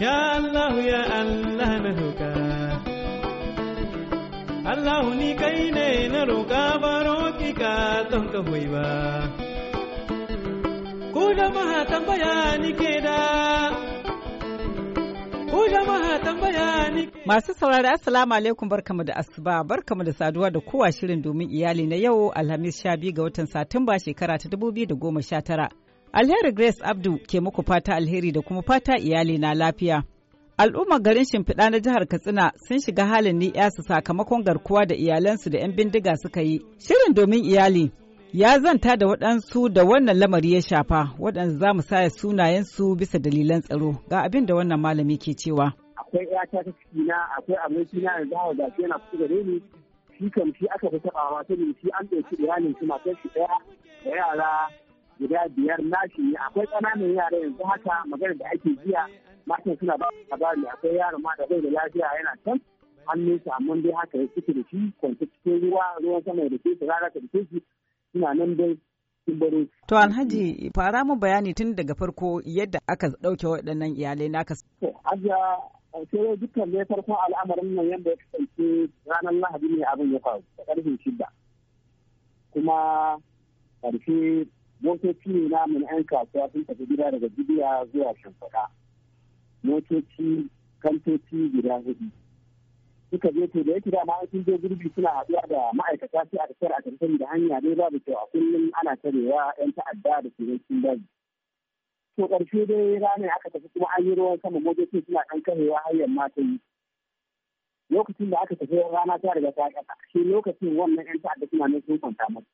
Ya Allah ya Allah na roƙa Allah ni kai ne na roƙa baro ki ka don ka hoyi ba Ku jama'a tambaya ni ke da Ku jama'a tambaya ni ke Masu saurari Assalamu alaikum barkamu da asuba barkamu da saduwa da kowa shirin domin iyali na yau Alhamis 12 ga watan Satumba shekara ta dubu biyu da goma sha tara. Alheri Grace Abdu ke muku fata alheri da kuma fata iyali na lafiya. Al'ummar garin Shimfiɗa na jihar Katsina sun shiga halin ni'yasu sakamakon garkuwa da iyalansu da 'yan bindiga suka yi. Shirin domin iyali ya zanta da waɗansu da wannan lamari ya shafa waɗanda za mu saya sunayensu bisa dalilan tsaro ga abin da wannan malami ke cewa. Akwai ƴata ta cikina akwai na da zawo da yana kusa da shi kam shi aka fi taɓawa ta shi an ɗauki iyalin shi shi ɗaya da yara guda biyar nashi akwai ƙananan yara yanzu haka magana da ake jiya matan suna ba bari akwai yaro ma da bai da lafiya yana can hannunsa amma dai haka ya suke da shi kwanci cikin ruwa ruwan sama da ke rana ta da ke suna nan dai To Alhaji fara mu bayani tun daga farko yadda aka ɗauke waɗannan iyalai naka. To aja sai dukkan ne farkon al'amarin nan yadda ya kasance ranar Lahadi ne abin ya faru da ƙarfin shida. Kuma ƙarshe motoci ne namu na 'yan kasuwa sun tafi gida daga gidiya zuwa shimfiɗa motoci kantoci guda hudu suka je to da yake dama an sun je gurbi suna haɗuwa da ma'aikata sai a tafiyar a tafiyar da hanya dai babu kyau a kullum ana tarewa 'yan ta'adda da su yankin daji to ƙarshe dai rana aka tafi kuma an yi ruwan sama motoci suna ɗan karewa har yamma ta yi lokacin da aka tafi rana ta riga ta ƙasa shi lokacin wannan 'yan ta'adda suna nufin kwanta masu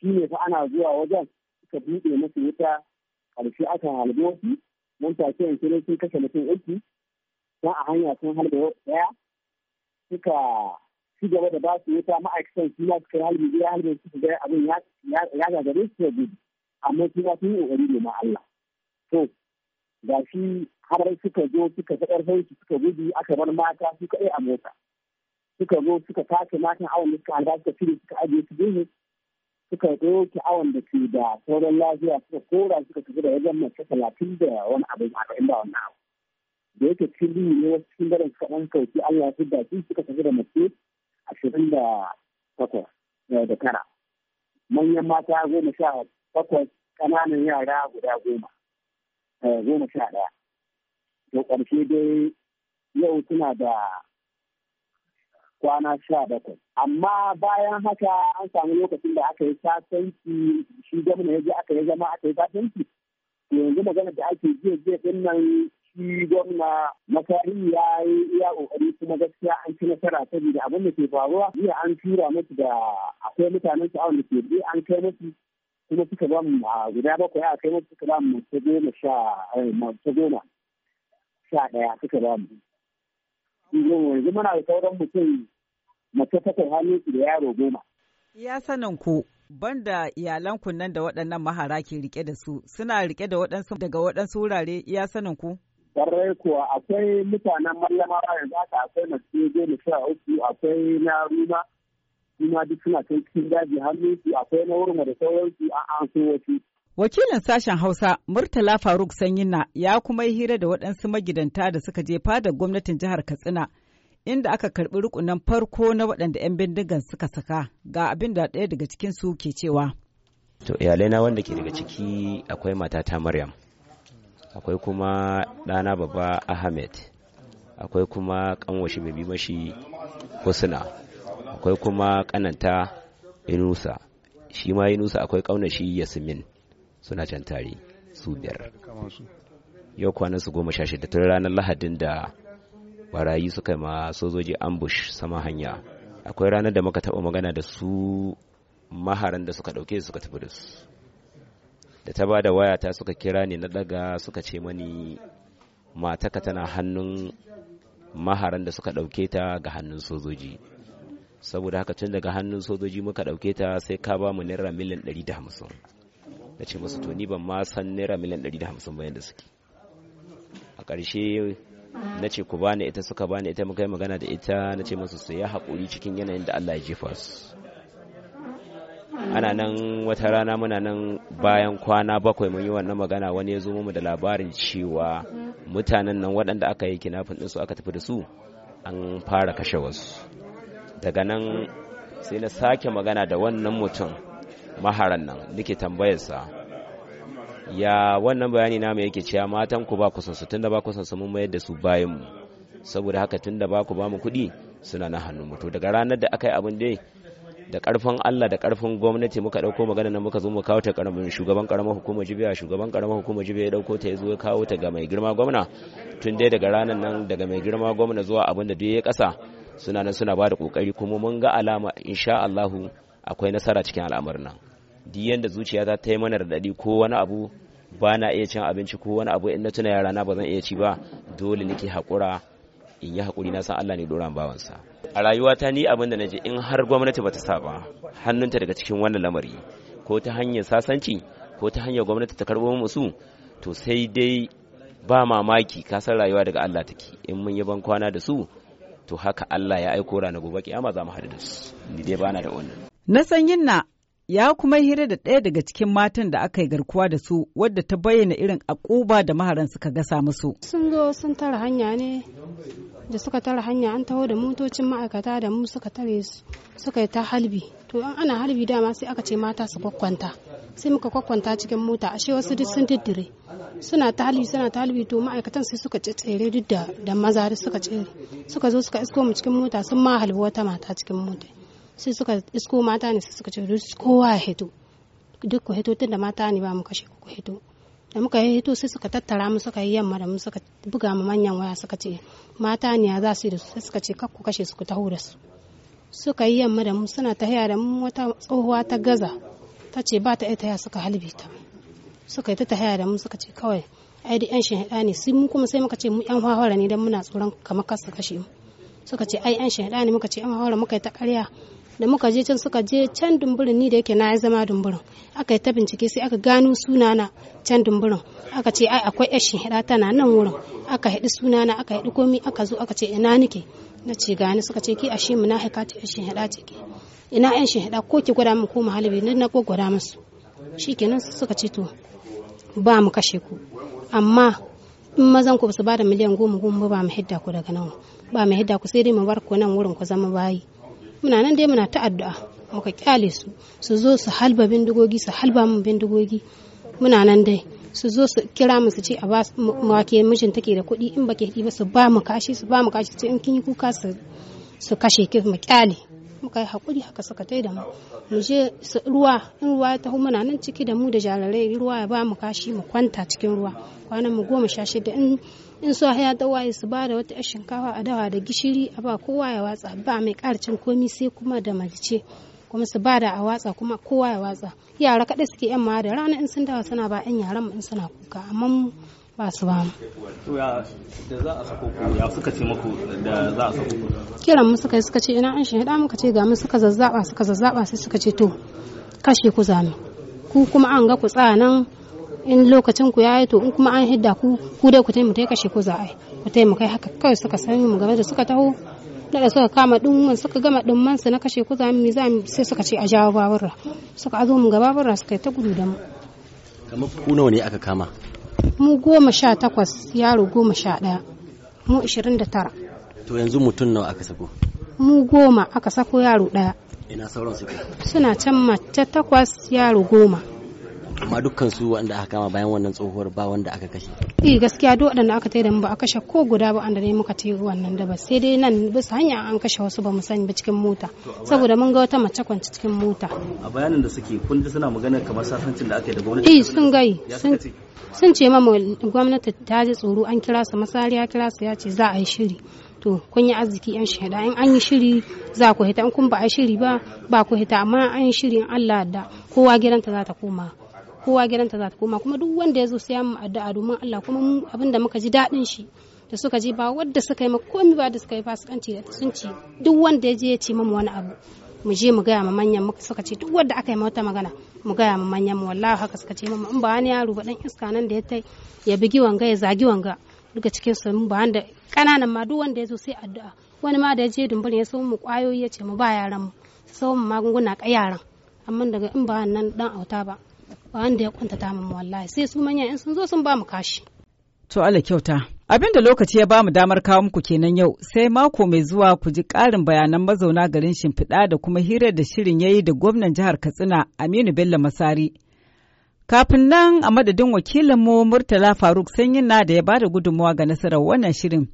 shi ne fa ana zuwa wajen suka buɗe masa wuta ƙarshe aka halbe wasu nan take yanke ne sun kashe mutum uku don a hanya sun halbe ɗaya suka ci gaba da basu su wuta ma'aikatan su ma suka halbe gida halbe su ga abin ya gare su da gudu amma su ma sun yi ƙoƙari domin Allah to ga shi har suka zo suka fi ƙarfin su suka gudu aka bar mata su kaɗai a mota suka zo suka tace matan awon da suka halba suka cire suka ajiye su gehe suka ɗauki awon da ke da sauran lafiya suka kora suka tafi da wajen mace talatin da wani abu arba'in da wani abu da yake cikin ne wasu cikin garin suka ɗan sauki allah su da su suka tafi da mace ashirin da takwas eh, da tara manyan mata goma sha takwas ƙananan yara guda goma eh, goma sha ɗaya to ƙarshe dai yau suna da kwana sha bakwai. Amma bayan haka an samu lokacin da aka yi sasanci shi gwamna ya je aka yi zama aka yi sasanci. Yanzu magana da ake jiya jiya din nan shi gwamna makari ya yi iya kokari kuma gaskiya an ci nasara saboda abin da ke faruwa jiya an tura musu da akwai mutanen su da ke bi an kai musu kuma suka ba mu guda bakwai a kai musu suka ba mu ta goma sha eh, ta goma sha ɗaya suka ba mu. Yanzu muna da sauran mutum mace ta kai da yaro goma. Ya sanin ku banda iyalan ku nan da waɗannan mahara ke rike da su suna rike da waɗansu daga waɗansu wurare ya sanin ku. Kwarai kuwa akwai mutanen mallama yanzu haka akwai mace goma sha uku akwai na ruma suna duk suna kan cikin daji hannun su akwai na wurin da sauransu a an so wasu. Wakilin sashen Hausa Murtala Faruk Sanyina ya kuma yi hira da waɗansu magidanta da suka je fadar gwamnatin jihar Katsina inda aka karbi rukunan farko na waɗanda 'yan bindigan suka saka ga abin da ɗaya daga cikin su ke cewa to iyalai na wanda ke daga ciki akwai matata maryam akwai kuma ɗana baba ahmed akwai kuma kanwashi mai mashi husna akwai kuma kananta inusa shi ma inusa akwai kaunashi yasmin suna can tare su biyar yau kwanan su goma sha shida tun ranar lahadin da barayi suka yi ma sojoji ambush sama hanya akwai ranar da muka taba magana da su maharan da suka ɗauke suka tafi da su da ta ba da waya ta suka kira ni na ɗaga suka ce mani mataka tana hannun maharan da suka ɗauke ta ga hannun sojoji saboda haka tun daga hannun sojoji muka ɗauke ta sai ka ba mu naira miliyan 150 da ce masu to ni ban ma san naira miliyan 150 bayan da suke a ƙarshe Mm. na ce ku bani ita suka bani ita muka yi magana da ita na ce musu su ya haƙuri cikin yanayin da Allah ya jefa su ana nan wata rana muna nan bayan kwana bakwai mun yi wannan magana wani ya zo mu da labarin cewa mm. mutanen nan waɗanda aka yi kinafin ɗinsu aka tafi da su an fara kashe wasu daga nan sai na sake magana da wannan mutum maharan nan nake tambayarsa ya wannan bayani namu yake cewa matan ku ba ku san su tunda ba ku su mun mayar da su bayan mu saboda haka tunda ba ku ba mu kuɗi suna na hannun mu to daga ranar da aka yi abin dai da karfin Allah da karfin gwamnati muka dauko magana nan muka zo mu kawo ta karamin shugaban karamar hukumar jibiya shugaban karamar hukumar jibiya ya dauko ta ya zo ya kawo ta ga mai girma gwamna tun dai daga ranar nan daga mai girma gwamna zuwa abin da duk ya kasa suna nan suna ba da kokari kuma mun ga alama insha Allah akwai nasara cikin al'amarin nan duk yanda zuciya ta ta yi mana radadi ko wani abu ba na iya cin abinci ko wani abu in na tuna yara na ba zan iya ci ba dole nake haƙura in yi haƙuri na san Allah ne doran bawansa a rayuwata ni abin da naji in har gwamnati bata sa ba hannunta daga cikin wannan lamari ko ta hanyar sasanci ko ta hanyar gwamnati ta karɓo musu to sai dai ba mamaki ka san rayuwa daga Allah take in mun yi ban kwana da su to haka Allah ya aiko rana gobe kiyama za mu haɗu da su ni dai bana da wannan na yin na ya kuma hira da ɗaya daga cikin matan da aka yi garkuwa da su wadda ta bayyana irin akuba da maharan suka gasa musu. Sun zo sun tara hanya ne da suka tara hanya an taho da motocin ma'aikata da mu suka tare su suka yi ta halbi. To an ana halbi dama sai aka ce mata su kwakwanta. Sai muka kwakwanta cikin mota ashe wasu duk sun diddire. Suna ta halbi suna ta halbi to ma'aikatan sai suka tsere duk da maza suka tsere. Suka zo suka isko mu cikin mota sun ma halbi wata mata cikin mota. sai suka isko mata ne suka ce duk kowa ya hito duk ku hito tunda mata ne ba mu kashe ku hito da muka yi hito sai suka tattara mu suka yi yamma da mu suka buga mu manyan waya suka ce mata ne za su yi da su sai suka ce kak ku kashe su ku taho da su suka yi yamma da mu suna tahiya da mu wata tsohuwa ta gaza ta ce ba ta ita ya suka halbe ta suka yi ta tahiya da mu suka ce kawai ai da yan shahada ne sai mu kuma sai muka ce mu yan hawara ne dan muna tsoron kamar kasu kashe mu suka ce ai yan shahada ne muka ce yan hawara muka yi ta karya da muka je can suka je can dumburin ni da yake na ya zama dumburin aka yi ta bincike sai aka gano sunana can dumburin aka ce ai akwai yashi hida tana nan wurin aka haɗi sunana aka haɗi komi aka zo aka ce ina nike na ce gani suka ce ki ashe mu na haika ta yashi hida ce ke ina shi hida ko ki gwada mu ko mahalibi ni na gwada musu shikenan suka ce to ba mu kashe ku amma in mazan ku ba su ba da miliyan goma goma ba mu hidda ku daga nan ba mu hidda ku sai dai mu bar ku nan wurin ku zama bayi muna nan dai muna ta addu'a ka kyale su su zo su halba bindigogi su halba mu bindigogi muna nan dai su zo su kira mu su ce a ba mu wake mijin take da kuɗi in bake ba su ba mu kashi su ba mu kashi in kin yi kuka su kashe ki mu kyale muka yi hakuri haka suka tai da mu mu je ruwa in ruwa ya taho muna nan ciki da mu da jarirai ruwa ya ba mu kashi mu kwanta cikin ruwa kwanan mu goma sha shida in in so ya waye su ba da wata yar shinkafa a dawa da gishiri a ba kowa ya watsa ba mai karcin komi sai kuma da malice kuma su ba da a watsa kuma kowa ya watsa yara kaɗai suke yan ma da rana in sun dawa suna ba yan yaran mu in suna kuka amma ba su ba mu da za a sako ku ya suka ce muku da za a sako ku kiran mu suka yi suka ce ina an shahida muka ce ga mu suka zazzaba suka zazzaba sai suka ce to kashe ku zame ku kuma an ga ku tsanan in lokacin ku yayi to in kuma an hidda ku ku dai ku ta kashe ku za a ku kai haka kawai suka sani mu gaba da suka taho da suka kama dumman suka gama dumman su na kashe ku za mu za sai suka ce a jawo babura suka azo mu ga babura suka yi ta gudu da mu kamar ku nawa ne aka kama mu goma sha takwas yaro goma sha ɗaya mu ishirin da tara to yanzu mutum nawa aka sako mu goma aka sako yaro ɗaya ina sauran suke suna can mace takwas yaro goma amma dukkan su wanda aka kama bayan wannan tsohuwar ba wanda aka kashe eh gaskiya duk waɗanda aka taida mu ba a kashe ko guda ba anda ne muka ci wannan da ba sai dai nan bisa hanya an kashe wasu ba mu sani ba cikin mota saboda mun ga wata mace kwance cikin mota a bayanin da suke kun ji suna magana kamar sasancin da aka yi da gwamnati eh sun gai sun ce ma gwamnati ta ji tsoro an kira su masariya kira su ya ce za a yi shiri to kun yi arziki yan shahada in an yi shiri za ku hita in kun ba a shiri ba ba ku hita amma an yi shiri in Allah da kowa gidanta za ta koma kowa gidanta za ta koma kuma duk wanda ya zo sai mu addu'a domin Allah kuma mu abin da muka ji daɗin shi da suka ji ba wadda suka yi komai ba da suka yi fasikanci da sun ci duk wanda ya je ya ce mamu wani abu mu je mu gaya ma manyan mu suka ce duk wanda aka yi wata magana mu gaya ma manyan mu wallahi haka suka ce mamu in ba wani yaro ba dan iska nan da ya tai ya bigi wanga ya zagi wanga duka cikin su mun ba wanda kananan ma duk wanda ya zo sai addu'a wani ma da ya je dumburin ya so mu kwayoyi ya ce mu ba yaran mu so mu magunguna ka yaran amma daga in ba nan dan auta ba ba wanda ya kuntata mu wallahi sai su manya in sun zo sun ba mu kashi to Allah kyauta abin da lokaci ya ba mu damar kawo muku kenan yau sai mako mai zuwa ku ji ƙarin bayanan mazauna garin shimfiɗa da kuma hirar da shirin ya yi da gwamnan jihar Katsina Aminu Bello Masari Kafin nan a madadin wakilinmu Murtala Faruk Sanyina da ya ba da gudunmawa ga nasarar wannan shirin.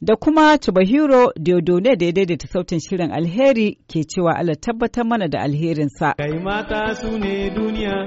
Da kuma Chubahiro Diodone da ya daidaita sautin shirin alheri ke cewa Allah tabbatar mana da alherinsa. Kai mata su ne duniya,